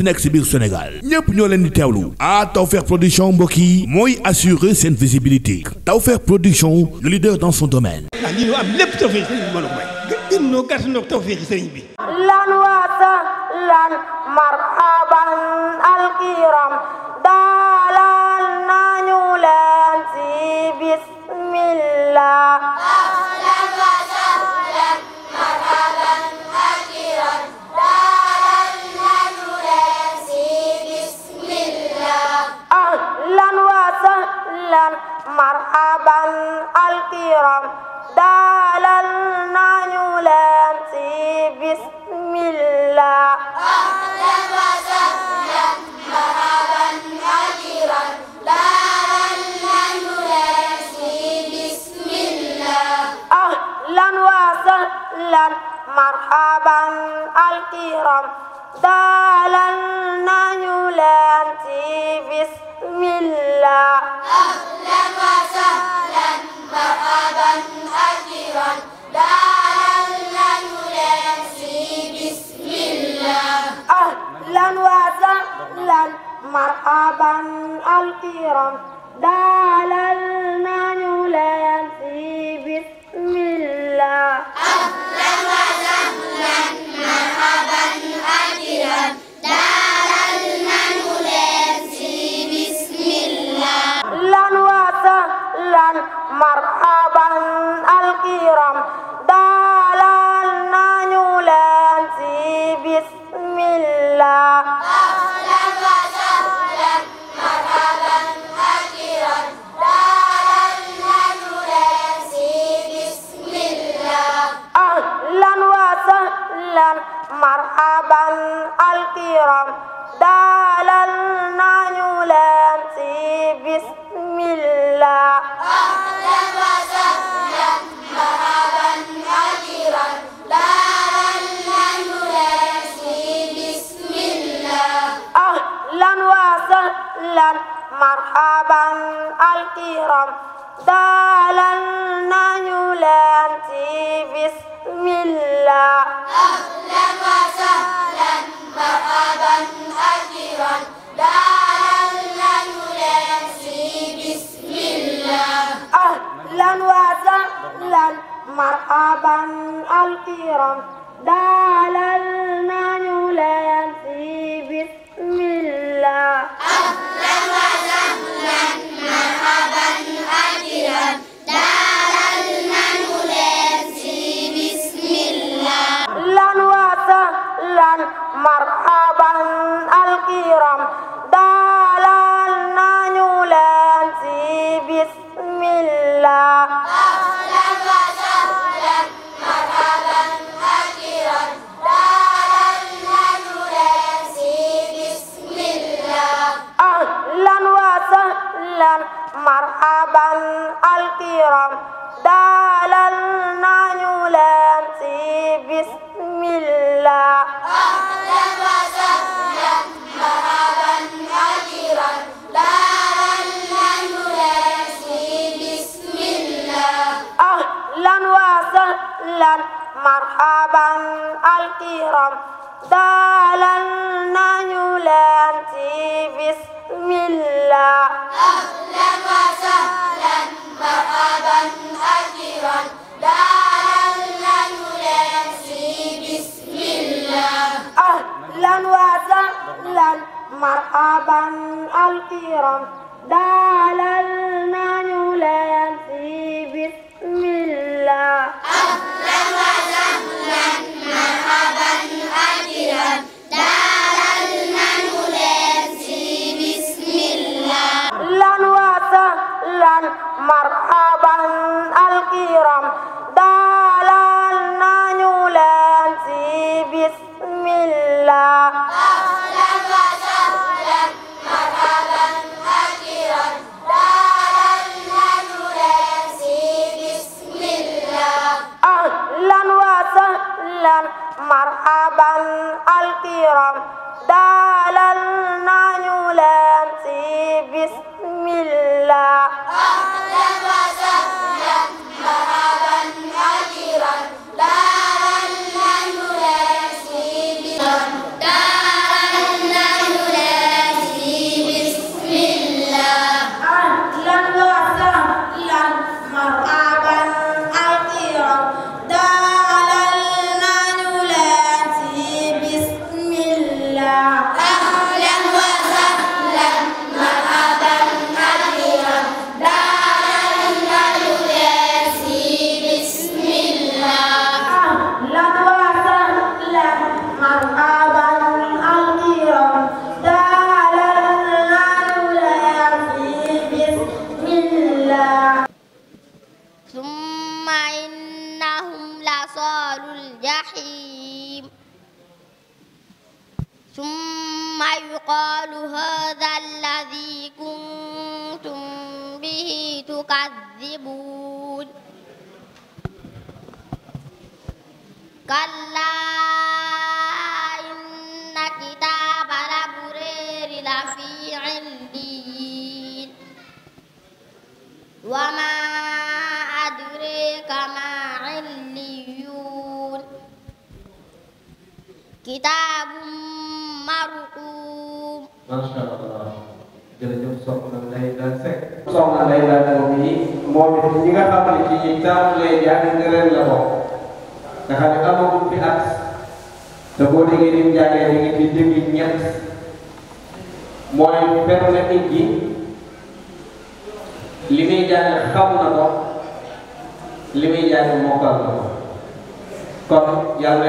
mënti nekk si biir Sénégal ñëpp ñoo leen di teewlu ah Tawfekh production mbokk yi mooy assurer seen visibilité Tawfekh production le leader dans son domaine. ah lii a may. marhaban alkiram dalal nañu leen bismillah. saxaaba al kiram dalal nañu leen ci bismillah ahlan wa sahlan marhaban al kiram dalal nañu leen ci bismillah ahlan wa sahlan marhaban akiran dalal nañu leen ci bismillah ahlan wa sahlan marhaban akiran dalal nañu leen ci bismillah الله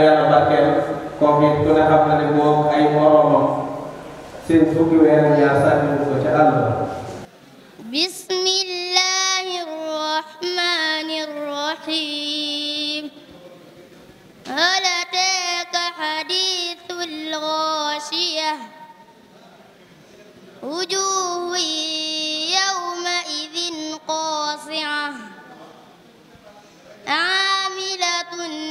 na yàlla barkeel koom it ku ne xam na ne moom ay moroomam seen fukki weer ñaar sànni ko ca àll ba bismillahi rahmani rahim hal ataaka hadithu lghashiya wujuhu yawma idhin qasi'a aamilatun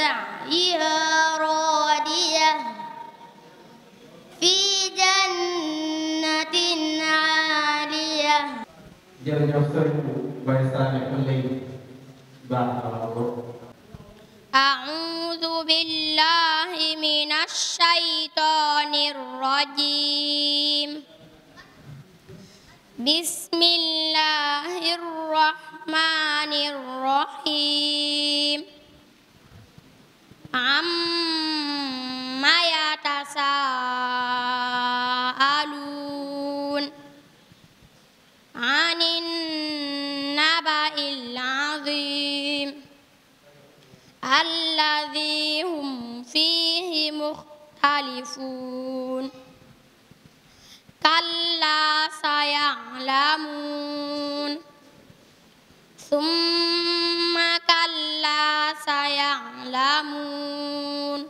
سعيها راضية في جنة عالية jërëjëf sëriñ Baye Sané Kouley baax na أعوذ بالله من الشيطان الرجيم بسم الله الرحمن الرحيم عما يتساءلون عن النبأ العظيم الذي هم فيه مختلفون كلا سيعلمون ثم تعلمون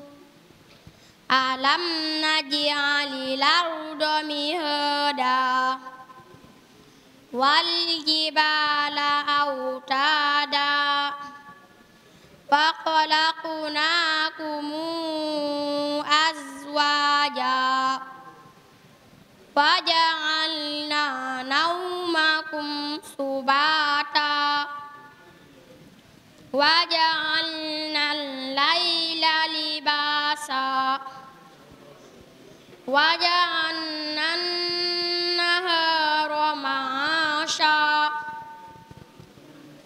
ألم نجعل الأرض مهدا والجبال أوتادا فخلقناكم أزواجا فجعلنا نومكم سباتا وجعلنا الليل لباسا وجعلنا النهار معاشا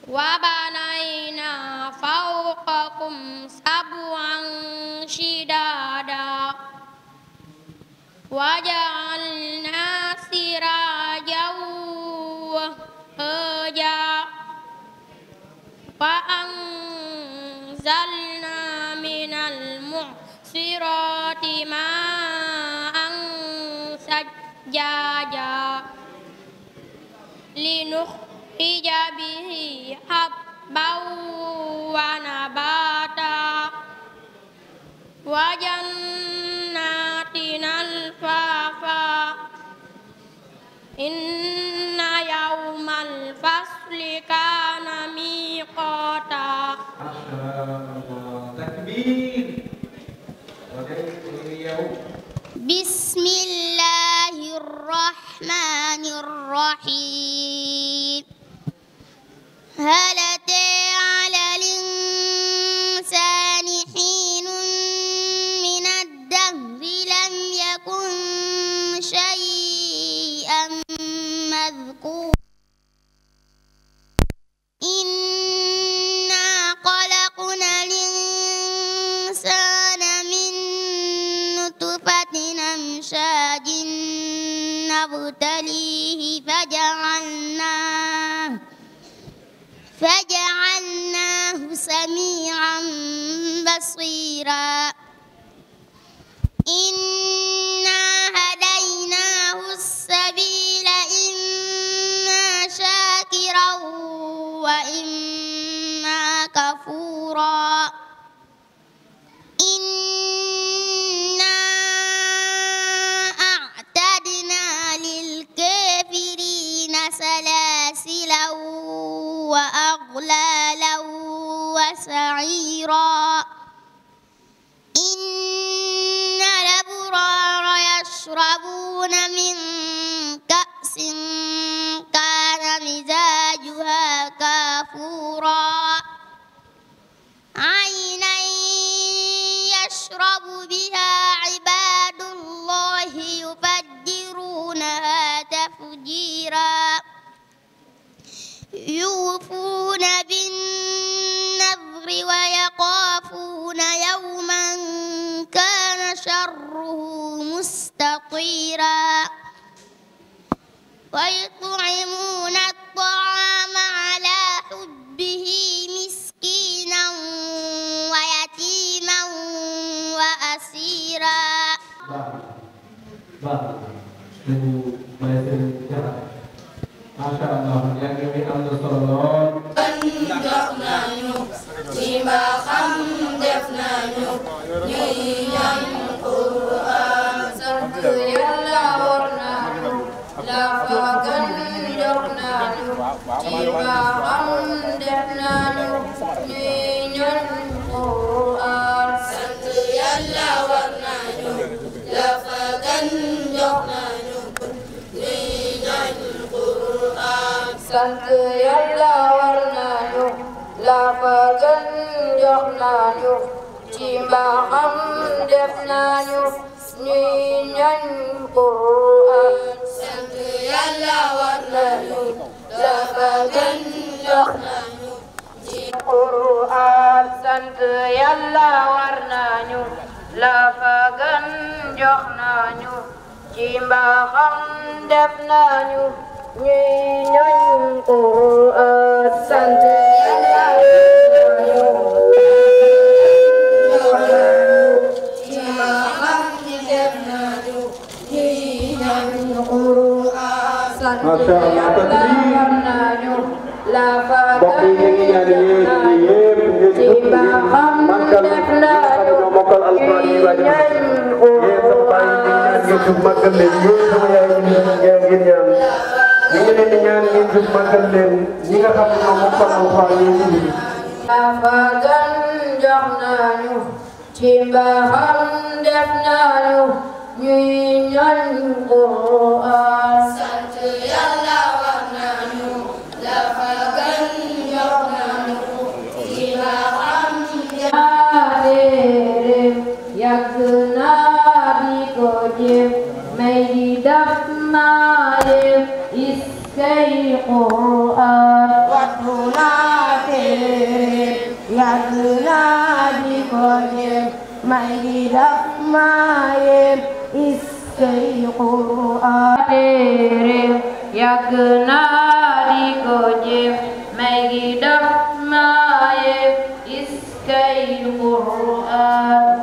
وبنينا فوقكم سبعا شدادا وجعلنا سراجا وأنزلنا من المعصرات ماء سجاجا لنخرج به حبا ونباتا وجنات الفافا إن يوم الفصل كان ميقاتا miqaata takbir bismillahi rahmani rahim وجعلناه سميعا بصيرا إن وأغلالا وسعيرا إن الأبرار يشربون من كأس كان مزاجها كافورا عينا يشرب بها عباد الله يفجرونها تفجيرا يوفون بالنذر ويخافون يوما كان شره مستطيرا ويطعمون الطعام على حبه مسكينا ويتيما وأسيرا macha allah njàng mi am na solo lool. jox nañu ci mbaaxam def nañu ñuy ñaan Qur'an sant yàlla war nañu la fa gën jox nañu ci mbaaxam sant yàlla war nañu laafaagal jox nañu ci mbaaxam def nañu ñuy ñañ Qur'aan. sant yàlla war nañu laafaagal jox nañu ci Qur'aan. sant yàlla war nañu laafaagal jox nañu ci mbaaxam def nañu. ñuy ñooñ Qur'aan sant macha allah takbir mbokk yi ñu ngi ñaan yéen ñi yéen ñëpp ñu ngi màggal ñi nga xam ne ñoo mokkal alxuraan yi waa jëm yéen sama bàyyi ñu ngi ñaan ngeen ñu màggal leen yéen sama yaay ngeen ñaan ñu ngi ñaan ngeen jóg màggal leen ñi nga xam ne ñoom moom Fallou ci biir. Magal jox nañu ci nañu ñuy ñaan sant Yàlla wax nañu la magal jox nañu ci mbaaxam ñaareel yàgg naa di ko jéem may di def القرآن واتلنا تيرين يدنا بكريم مجد دفمايم إسكي قرآن تيرين يدنا بكريم مجد دفمايم إسكي قرآن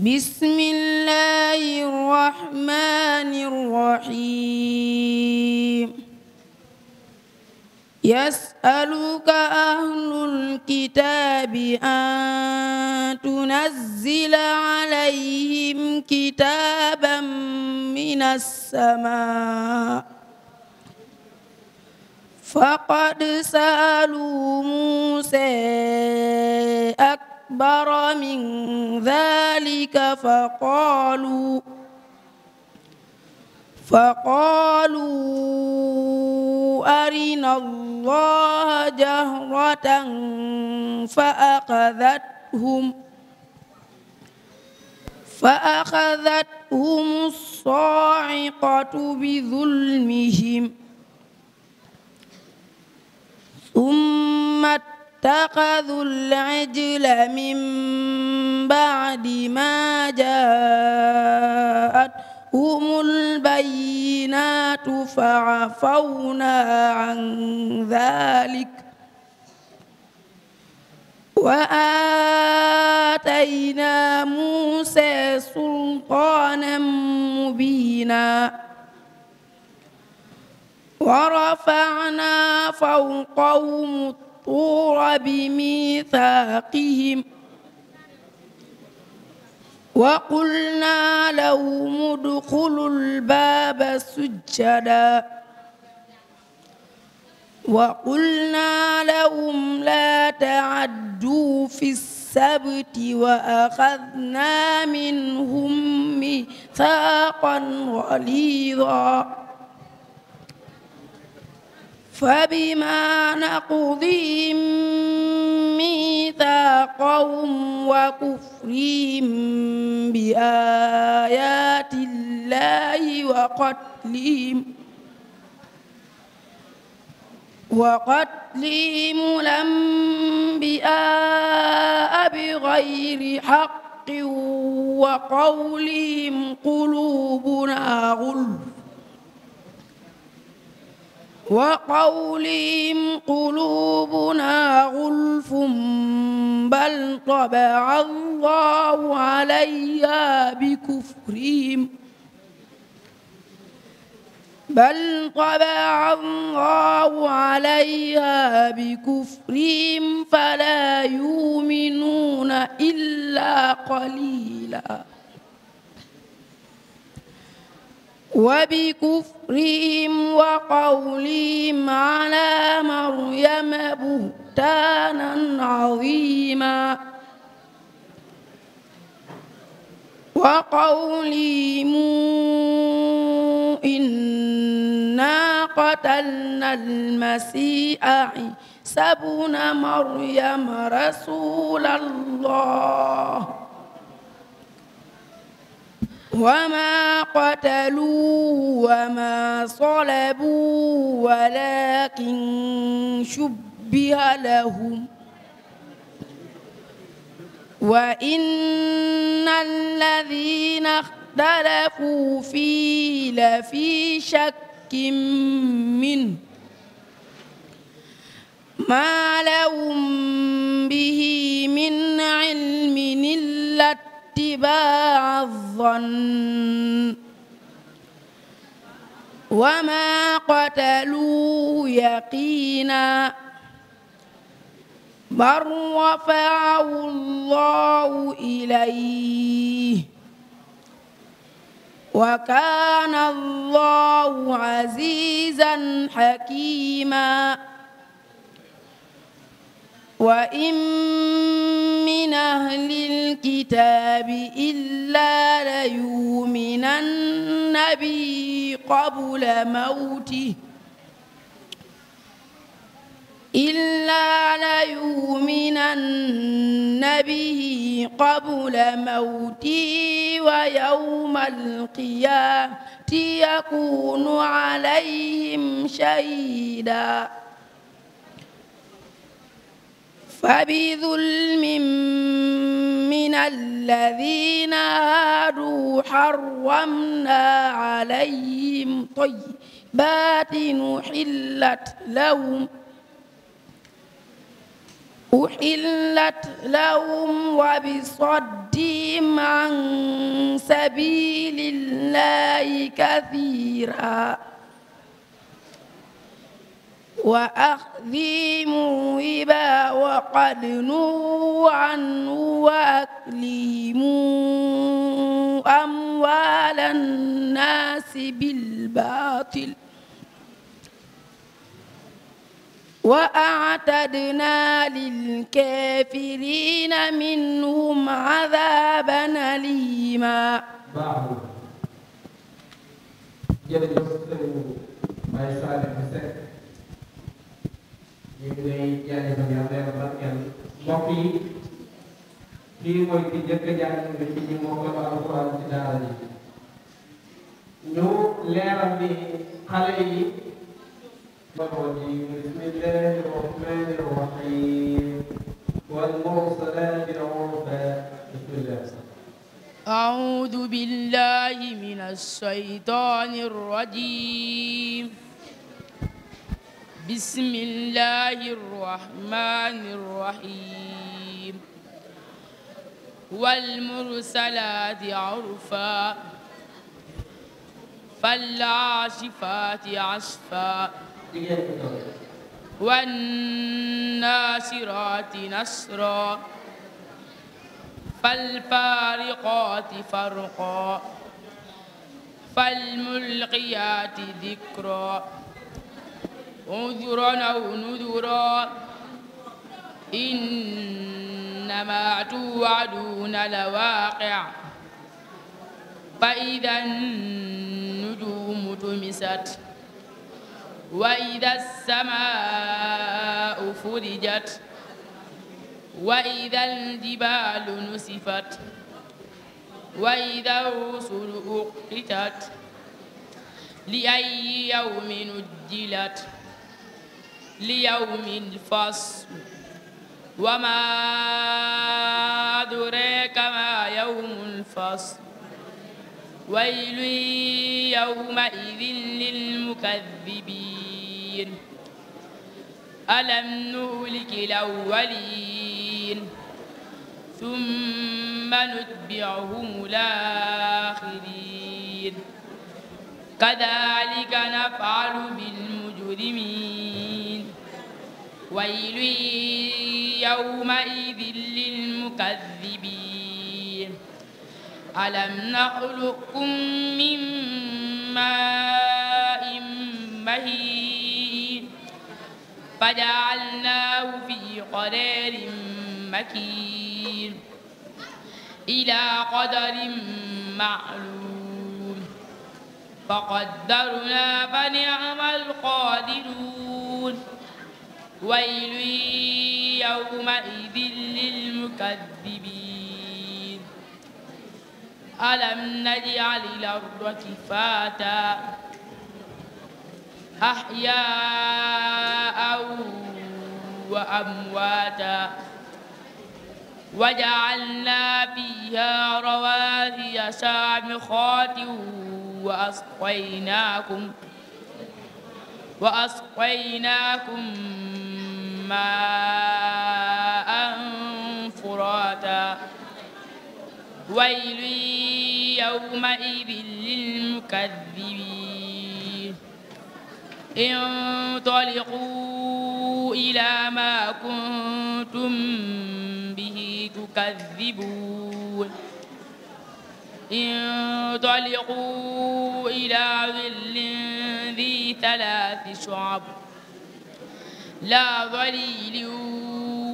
بسم الله الرحمن الرحيم يسألك أهل الكتاب أن تنزل عليهم كتابا من السماء فقد سألوا موسى أكبر من ذلك فقالوا فقالوا أرنا الله جهرة فأخذتهم فأخذتهم الصاعقة بظلمهم ثم اتخذوا العجل من بعد ما جاءتهم البينات فعفونا عن ذلك وآتينا موسى سلطانا مبينا ورفعنا فوقهم الطور بميثاقهم وقلنا لهم ادخلوا الباب سجدا وقلنا لهم لا تعدوا في السبت وأخذنا منهم ميثاقا غليظا فبما نقضهم ميثاقهم وكفرهم بآيات الله وقتلهم وقتلهم الأنبياء بغير حق وقولهم قلوبنا غلف وقولهم قلوبنا غلف بل طبع الله عليها بكفرهم بل طبع الله عليها بكفرهم فلا يؤمنون إلا قليلاً وبكفرهم وقولهم على مريم بهتانا عظيما وقولهم إنا قتلنا المسيح عيسى ابن مريم رسول الله وما قتلوه وما صلبوه ولكن شبه لهم وإن الذين اختلفوا فيه لفي شك منه ما لهم به من علم إلا اتباع الظن وما قتلوه يقينا بل رفعه الله إليه وكان الله عزيزا حكيما وإن من أهل الكتاب إلا ليؤمنن به قبل موته إلا ليؤمنن به قبل موته ويوم القيامة يكون عليهم شهيداً فبظلم من الذين هادوا حرمنا عليهم طيبات أحلت لهم أحلت لهم وبصدهم عن سبيل الله كثيرا وأخذه موهبا وقد نهوا عنه وأكلهم أموال الناس بالباطل وأعتدنا للكافرين منهم عذابا أليما jërëjëf sëriñ Baye Saliou Seck ñu ngi lay jaajëfal yàlla yàlla barkeel mbokk yi kii mooy ki njëkk a jàngale ci ñi moo ko alxuraan ci daara ji ñu leeral ni xale yi waxoon yi bismillahi rahmani rahim wal mursalaati urfa bismillah أعوذ بالله من الشيطان الرجيم بسم الله الرحمن الرحيم والمرسلات عرفا فالعاصفات عصفا والناسرات نسرا فالفارقات فرقا فالملقيات ذكرا عذرا أو نذرا إنما توعدون لواقع فإذا النجوم تمست وإذا السماء فرجت وإذا الجبال نسفت وإذا الرسل أقتت لأي يوم أجلت ليوم الفصل وما أدريك ما يوم الفصل ويل يومئذ للمكذبين ألم نهلك الأولين ثم نتبعهم الآخرين كذلك نفعل بالمجرمين ويل يومئذ للمكذبين ألم نخلقكم من ماء مهين فجعلناه في قرار مكين إلى قدر معلوم فقدرنا فنعم القادرون ويل يومئذ للمكذبين ألم نجعل الأرض كفاتا أحياء وأمواتا وجعلنا فيها رواسي شامخات وأسقيناكم وأسقيناكم ماء فراتا ويل يومئذ للمكذبين انطلقوا إلى ما كنتم به تكذبون انطلقوا إلى ظل ذي ثلاث شعب لا ظليل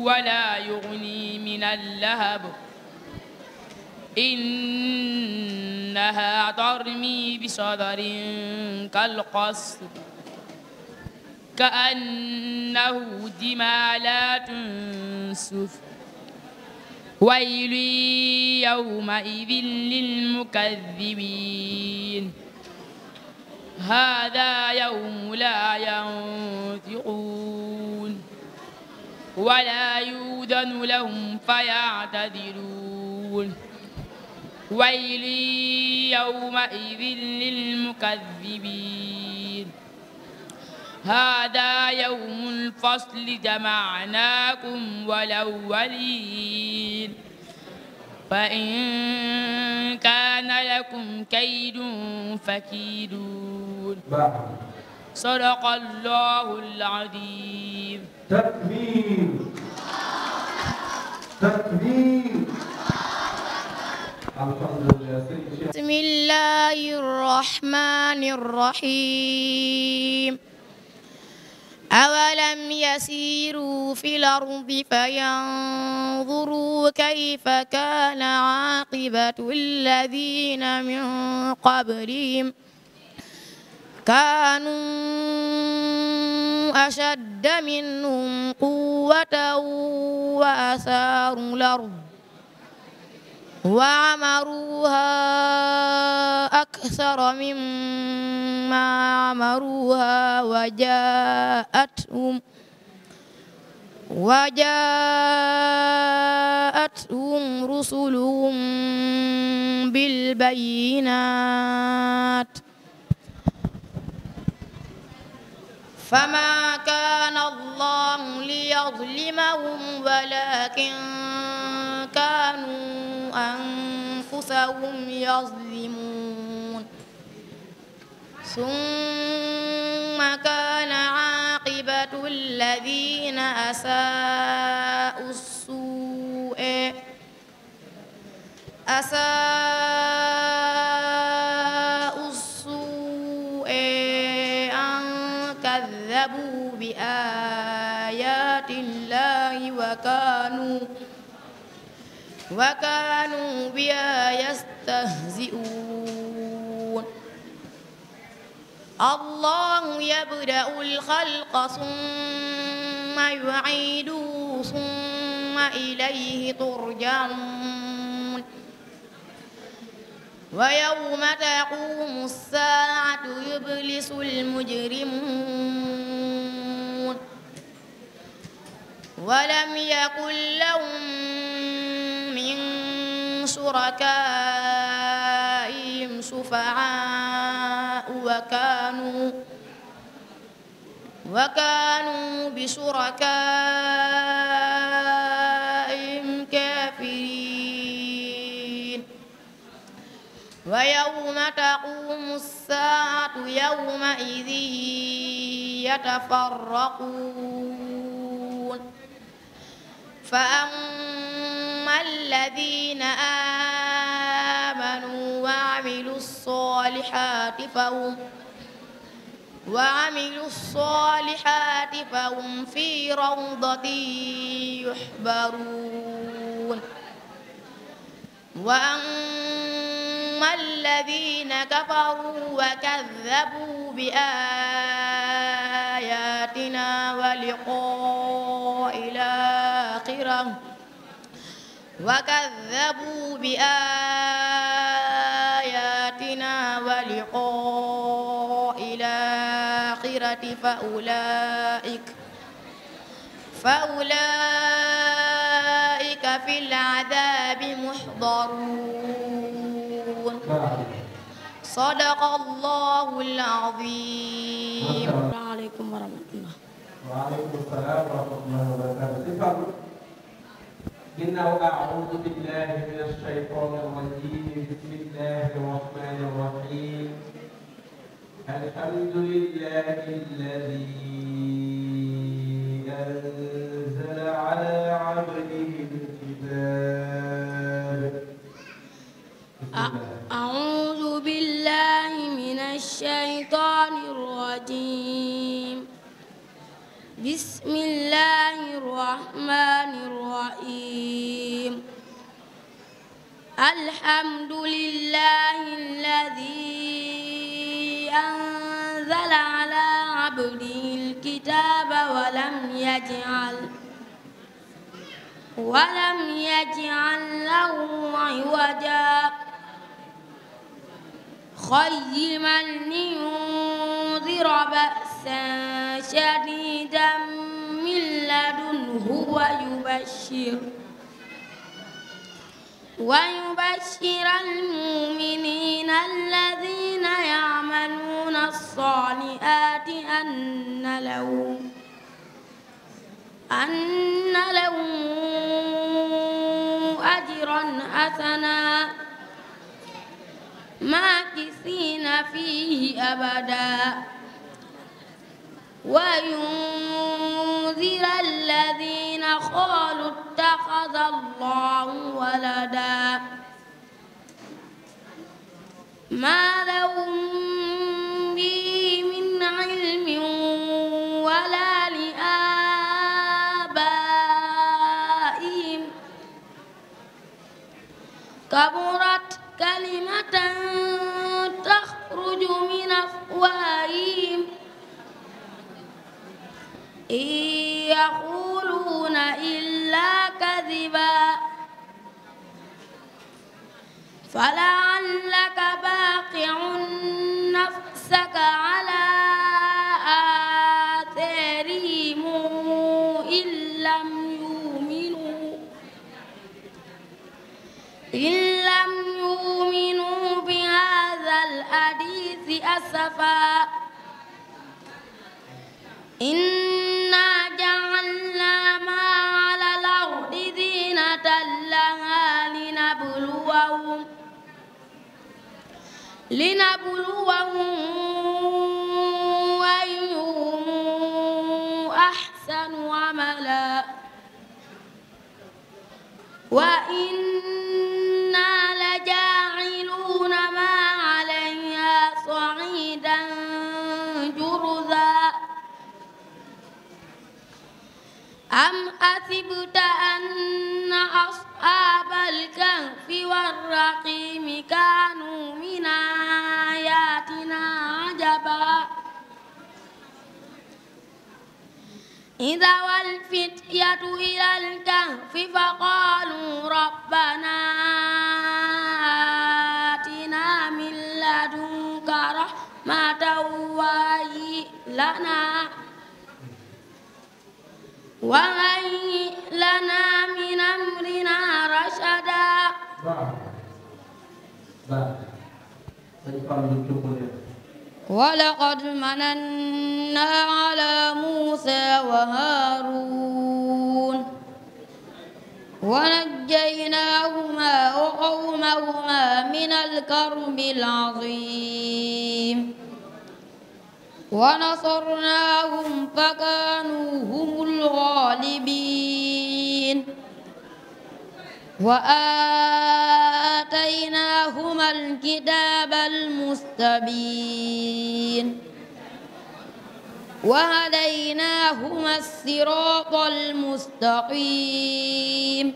ولا يغني من اللهب إنها ترمي بشرر كالقصر كأنه جمالات صفر ويل يومئذ للمكذبين هذا يوم لا ينطقون ولا يؤذن لهم فيعتذرون ويل يومئذ للمكذبين هذا يوم الفصل جمعناكم والأولين وإن كان لكم كيد فكيدون صدق الله العظيم تكبير تكبير بسم الله الرحمن الرحيم أولم يسيروا في الأرض فينظروا كيف كان عاقبة الذين من قبلهم كانوا أشد منهم قوة وأثاروا الأرض وعمروها أكثر مما عمروها وجاءتهم وجاءتهم رسلهم بالبينات فما كان الله ليظلمهم ولكن كانوا أنفسهم يظلمون ثم كان عاقبة الذين أساءوا السوء أساءوا wa kaanu biya yastahzi'uun allahu yabda'u alxalqa summa yu'iiduhu summa ilayhi turja'uun wa yawma taquumu as-saa'atu yublisu al-mujrimuun wa lam yakun lahum شركائهم شفعاء وكانوا وكانوا بشركائهم كافرين ويوم تقوم الساعة يومئذ يتفرقون فأما الذين آمنوا وعملوا الصالحات فهم وعملوا الصالحات فهم في روضة يحبرون وأما الذين كفروا وكذبوا بآياتنا ولقائنا وكذبوا بآياتنا ولقاء الآخرة فأولئك فأولئك في العذاب محضرون صدق الله العظيم السلام عليكم ورحمة الله وعليكم السلام ورحمة الله وبركاته ginnaaw aaudu billahi min alcheytan alrajim bismillahi arrahmani arrahim alhamdulillahi alladi anzala ala abdihi alkitab aaudu billahi min alcheytan arrajim بسم الله الرحمن الرحيم الحمد لله الذي أنزل على عبده الكتاب ولم يجعل ولم يجعل له عوجا خيما لينذر بأسا شديدا من لدنه ويبشر ويبشر المؤمنين الذين يعملون الصالحات أن لهم أن لهم أجرا حسنا ماكثين فيه أبدا وينذر الذين قالوا اتخذ الله ولدا ما لهم به من علم ولا لآبائهم كبرت كلمة تخرج من أفواههم إن يقولون إلا كذبا فلعلك باقع نفسك على آثارهم إن لم يؤمنوا تؤمنوا بهذا الحديث أسفا إنا جعلنا ما على الأرض زينة لها لنبلوهم لنبلوهم أيهم أحسن عملا وإن أم حسبت أن أصحاب الكهف والرقيم كانوا من آياتنا عجبا إذا والفتية إلى الكهف فقالوا ربنا آتنا من لدنك رحمة وهيئ لنا وهيئ لنا من أمرنا رشدا ولقد مننا على موسى وهارون ونجيناهما وقومهما من الكرب العظيم ونصرناهم فكانوا هم الغالبين وآتيناهما الكتاب المستبين وهديناهما الصراط المستقيم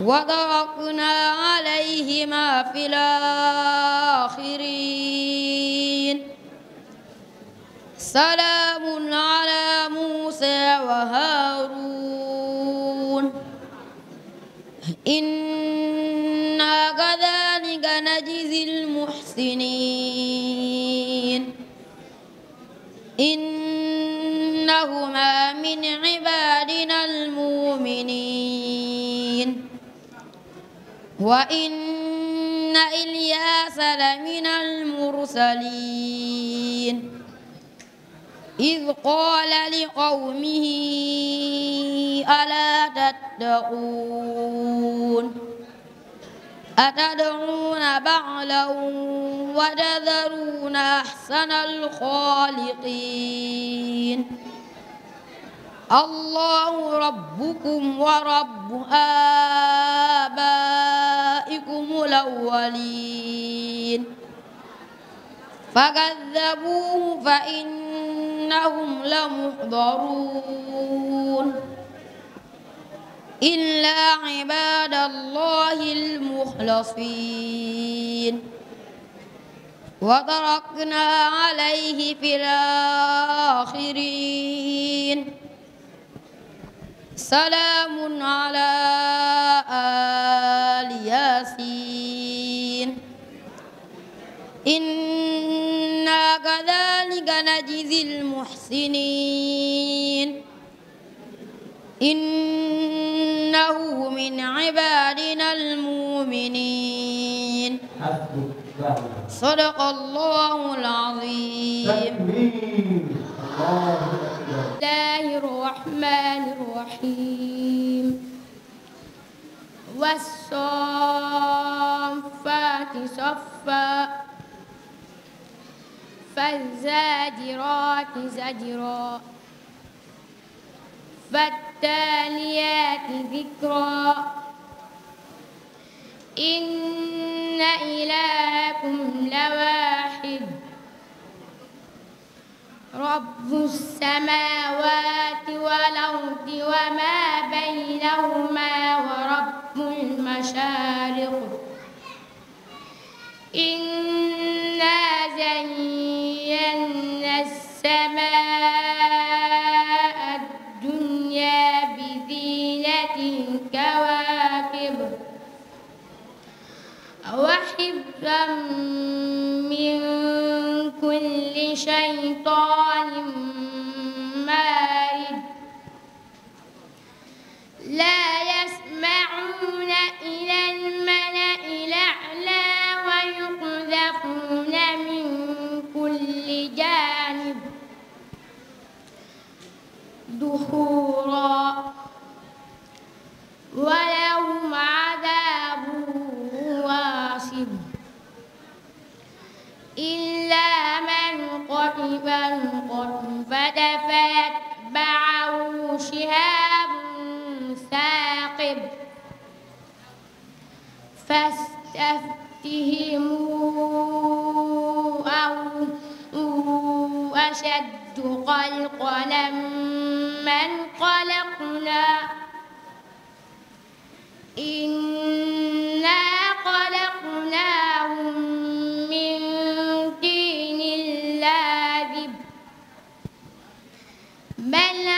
وتركنا عليهما في الآخرين سلام على موسى وهارون إنا كذلك نجزي المحسنين إنهما من عبادنا المؤمنين وإن إلياس لمن المرسلين إذ قال لقومه ألا تتقون أتدعون بعلا وتذرون أحسن الخالقين الله ربكم ورب آبائكم الأولين فكذبوه فإنهم لمحضرون إلا عباد الله المخلصين وتركنا عليه في الآخرين سلام على آل ياسين إنا كذلك نجزي المحسنين إنه من عبادنا المؤمنين صدق الله العظيم الله الرحمن الرحيم والصافات صفا فالزاجرات زجرا فالتاليات ذكرا إن إلهكم لواحد رب السماوات والأرض وما بينهما ورب المشارق إن وحفظا من كل شيطان مارد لا يسمعون إلى الملأ الأعلى ويقذفون من كل جانب دحورا ولو إلا من قطف القطفة فأتبعه شهاب ثاقب فاستفتهموا أو أشد خلقنا من خلقنا إنا خلقناهم mel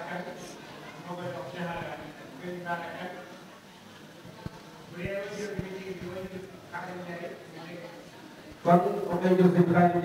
kan moo koy dox jaxaara gën baara kan bu dee wajur bi ñu jigéen bi wajur xaaral ñaari kon moom lay jox Ibrahima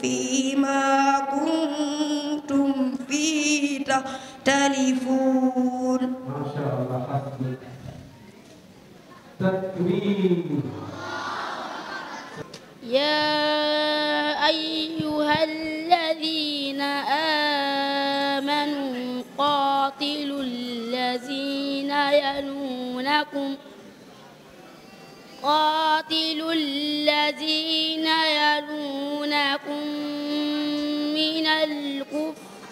فيما كنتم فيه تختلفون ما شاء الله حسبك تكبير يا أيها الذين آمنوا قاتلوا الذين يلونكم قاتلوا الذين يلونكم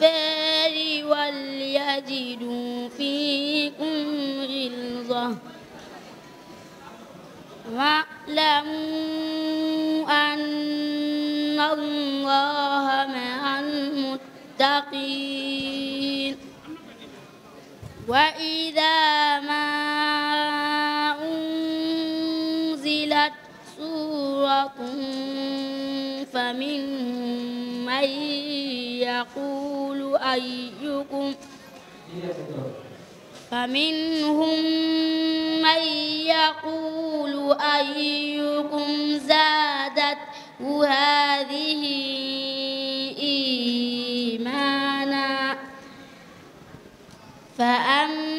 الكفار وليجدوا فيكم غلظة واعلموا أن الله مع المتقين وإذا ما أنزلت سورة فمنهم من يقول أيكم فمنهم من يقول أيكم زادته هذه إيمانا فأما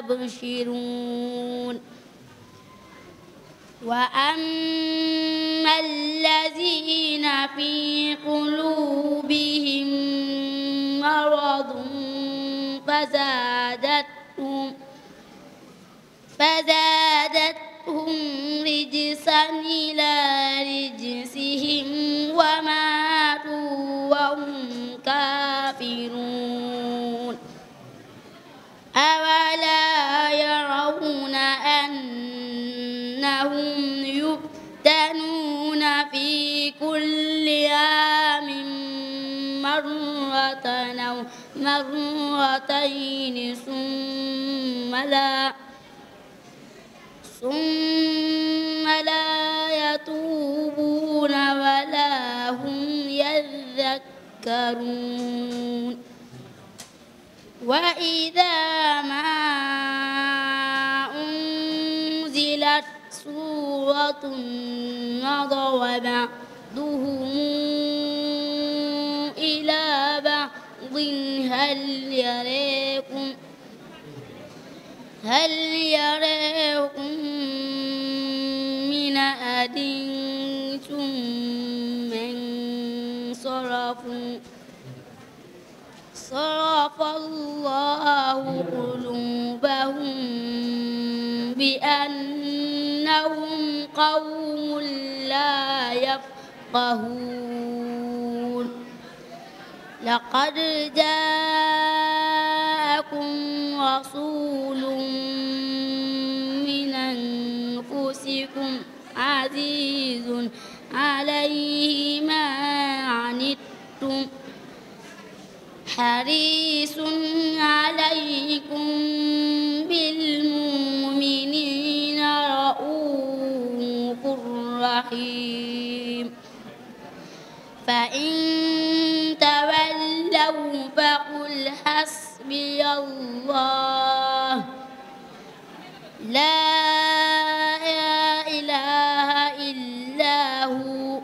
يبشرون وأما الذين في قلوبهم مرض فزادتهم فزادتهم رجسا إلى رجسهم وماتوا وهم كافرون أولا أنهم يفتنون في كل عام مرة أو مرتين ثم لا ثم لا يتوبون ولا هم يذكرون وإذا نظر وبعضهم إلى بعض هل يريكم هل يريكم من أحد ثم انصرفوا صرف الله قلوبهم بأن قوم لا يفقهون لقد جاءكم رسول من أنفسكم عزيز عليه ما عنتم حريص عليكم رحيم فإن تولوا فقل حسبي الله لا إله إلا هو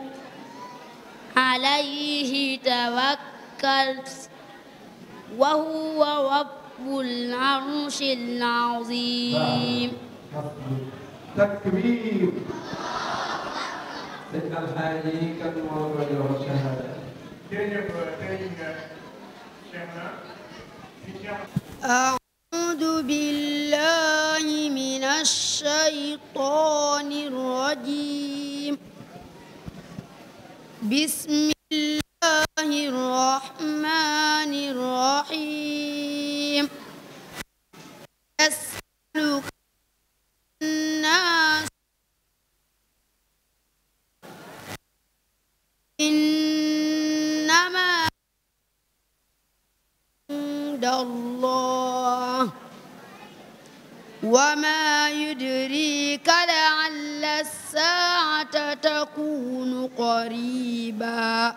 عليه توكلت وهو رب العرش العظيم تكبير alxaaji kan moo ko jox shahada. jërëjëf Seydina أعوذ بالله من الشيطان الرجيم بسم الله الرحمن الرحيم إنما عند الله وما يدريك لعل الساعة تكون قريبا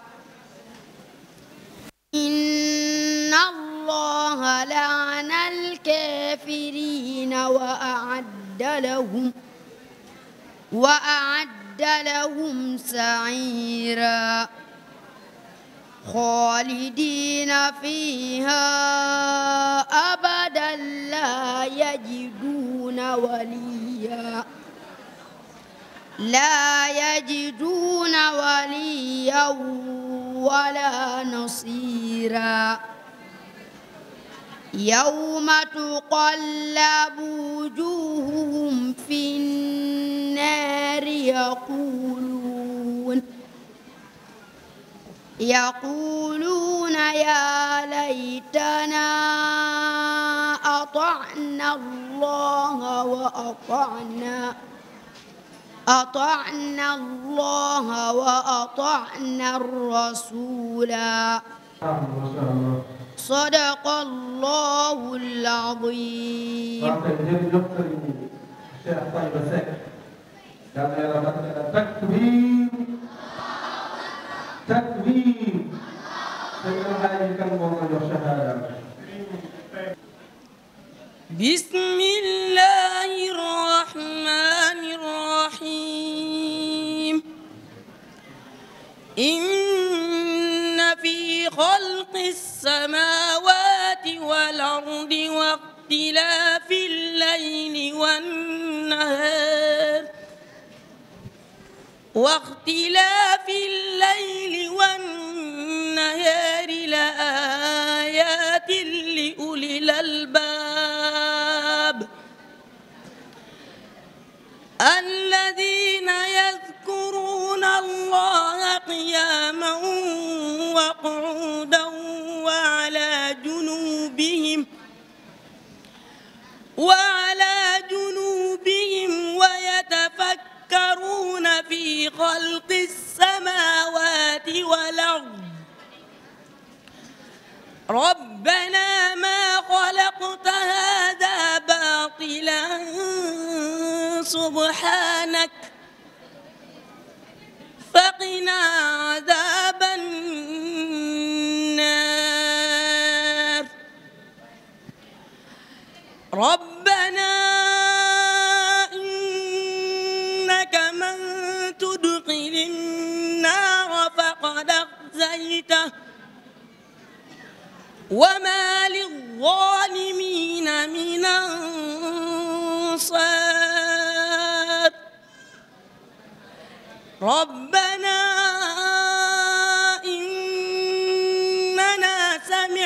إن الله لعن الكافرين وأعد لهم وأعد أعد لهم سعيرا خالدين فيها أبدا لا يجدون وليا لا يجدون وليا ولا نصيرا يوم تقلب وجوههم في النار يقولون يقولون يا ليتنا أطعنا الله وأطعنا أطعنا الله وأطعنا الرسولا sadaqallaahul aziim. waaw kay jërëjëf Serigne Cheikh Taïba Seck.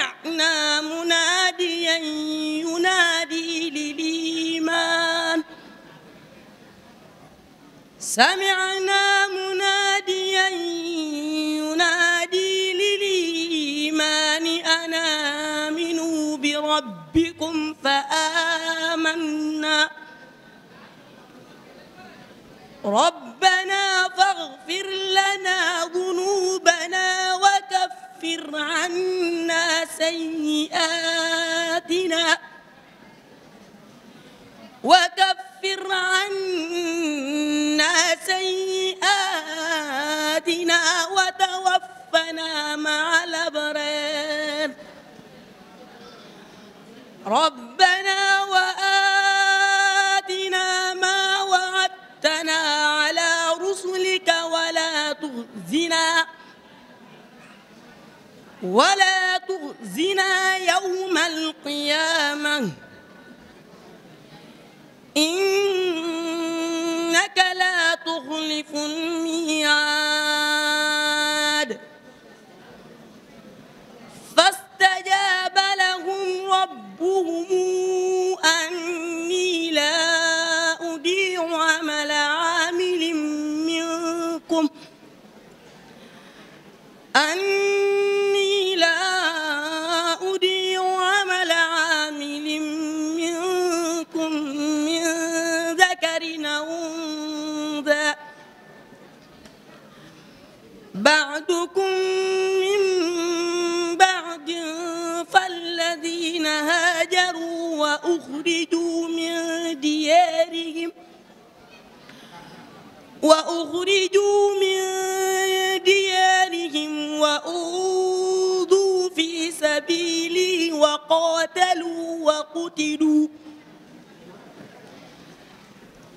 سمعنا مناديا ينادي للإيمان سمعنا مناديا ينادي للإيمان أن آمنوا بربكم فآمنا ربنا فاغفر لنا ذنوبنا واغفر عنا سيئاتنا وكفر عنا سيئاتنا وتوفنا مع الأبرار ربنا وآتنا ما وعدتنا على رسلك ولا تخزنا ولا تخزنا يوم القيامة إنك لا تخلف الميعاد فاستجاب لهم ربهم أني لا أضيع عمل عامل منكم أني بعضكم من بعض فالذين هاجروا وأخرجوا من ديارهم وأخرجوا من ديارهم وأوذوا في سبيلي وقاتلوا وقتلوا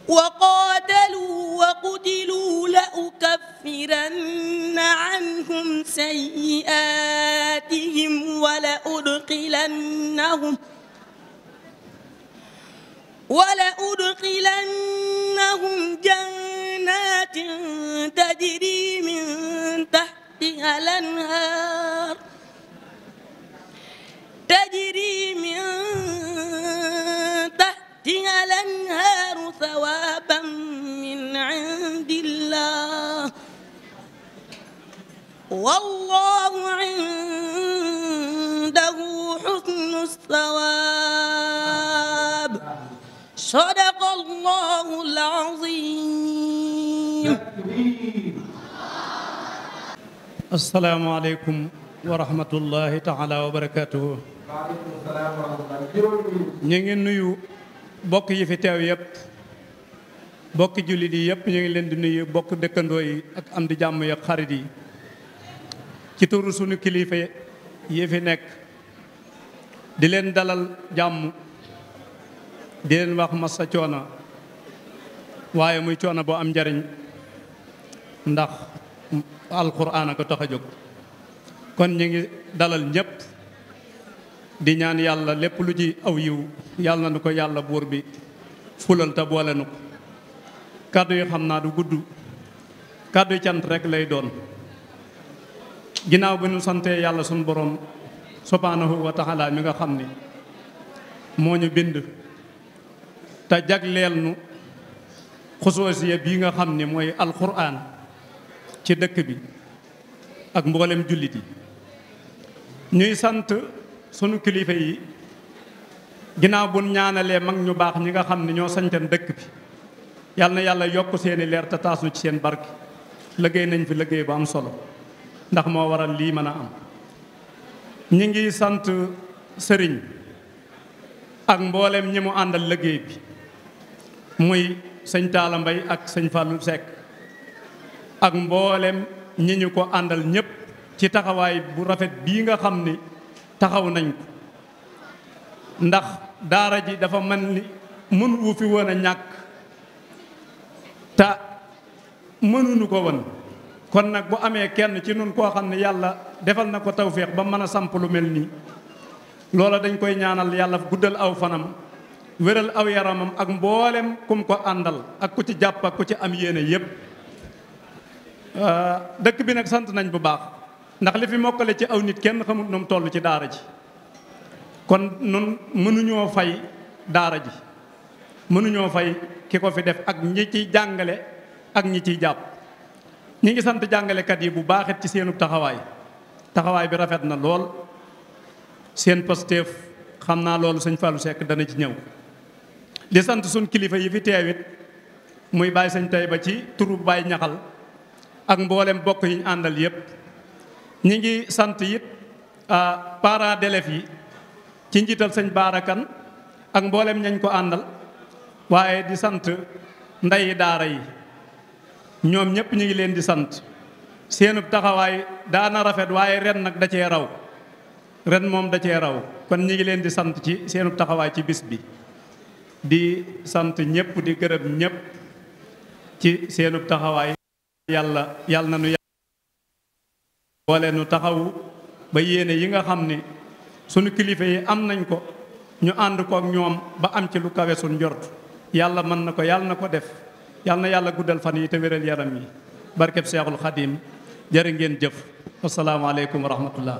وقاتلوا وقتلوا لأكفرن عنهم سيئاتهم ولأدخلنهم ولأدخلنهم جنات تجري من تحتها الأنهار تجري من تحتها تحتها الأنهار ثوابا من عند الله والله عنده حسن الثواب صدق الله العظيم السلام عليكم ورحمة الله تعالى وبركاته ñu ngi nuyu bokk yi fi teew yëpp bokki jullit yi yëpp ñu ngi leen di nuy bokk dëkkandoo yi ak am di jàmm yi ak xarit yi ci turu sunu kilifa yi fi nekk di leen dalal jàmm di leen wax massa coono waaye muy coono boo am njariñ ndax alxuraan a ko tax a jóg kon ñu ngi dalal ñëpp di ñaan yàlla lépp lu ci aw yiw yàlla na ko yàlla buur bi fulal te boole ko kàddu yi xam naa du gudd kàddu cant rek lay doon ginnaaw bi ñu santee yàlla suñ boroom subhaanahu wa taala mi nga xam ni moo ñu bind te jagleel nu xusoosiya bii nga xam ni mooy alquran ci dëkk bi ak mboolem jullit yi ñuy sant sunu kilifa yi ginnaaw bu ñaanalee mag ñu baax ñi nga xam ne ñoo sañtan dëkk bi yal na yàlla yokk seeni leer te taas ci seen barke liggéey nañ fi liggéey bu am solo ndax moo waral lii mën a am ñi ngi sant sëriñ ak mboolem ñi àndal liggéey bi muy sëñ Talla ak sëñ Fallou Seck ak mboolem ñi ko àndal ñépp ci taxawaay bu rafet bii nga xam ni taxaw nañ ko ndax daara ji dafa mel ni mën wu fi woon ñàkk ta mënuñu ko won kon nag bu amee kenn ci nun koo xam ne yàlla defal na ko tawféex ba mën a samp lu mel nii loola dañ koy ñaanal yàlla guddal aw fanam wéral aw yaramam ak mboolem kum ko àndal ak ku ci jàpp ak ku ci am yéene yépp euh, dëkk bi nag sant nañ bu baax ndax li fi mokkale ci aw nit kenn xamut nu mu ci daara ji kon nun mënuñoo fay daara ji mënuñoo fay ki ko fi def ak ñi ciy jàngale ak ñi ciy jàpp ñi ngi sant jàngalekat yi bu baaxet ci seenu taxawaay taxawaay bi rafet na lool seen pasteef xam naa loolu sëñ Fallou Seck dana ci ñëw di sant suñ kilifa yi fi teewit muy bàyyi sëñ tay ba ci turu Baye ñaxal ak mboolem bokk yi ñu àndal yépp ñi ngi sant it ah, parents d'élèves yi ci njiital sëñ baarakan ak mboolem ñañ ko àndal waaye di sant ndeyi daara yi ñoom ñëpp ñu ngi leen di sant seenub taxawaay daana rafet waaye ren nag da cee raw ren moom da cee raw kon ñu ngi leen di sant ci seenub taxawaay ci bis bi di sant ñëpp di gërëm ñëpp ci seenub taxawaay yàlla yàlla na nu wale nu taxawu ba yéene yi nga xam ni sunu kilifa yi am nañ ko ñu ànd ko ak ñoom ba am ci lu kawe suñ njort yàlla mën na ko yàlla na ko def yàlla na yàlla guddal fan yi te wéral yaram yi barkeb seexul xadim jërë ngeen jëf asalaamaaleykum wa rahmatullah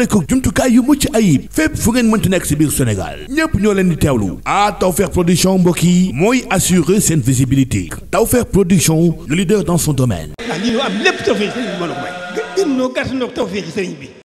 boole ko jumtukaay yu mucc ayib fépp fu ngeen mënti nekk si biir Sénégal ñépp ñoo leen di teewlu ah Tawfekh production mbokk yi mooy assurer seen visibilité Tawfekh production le leader dans son domaine. ndax ah, lii ñu am lépp Tawfekh sëriñ bi mën a may. gën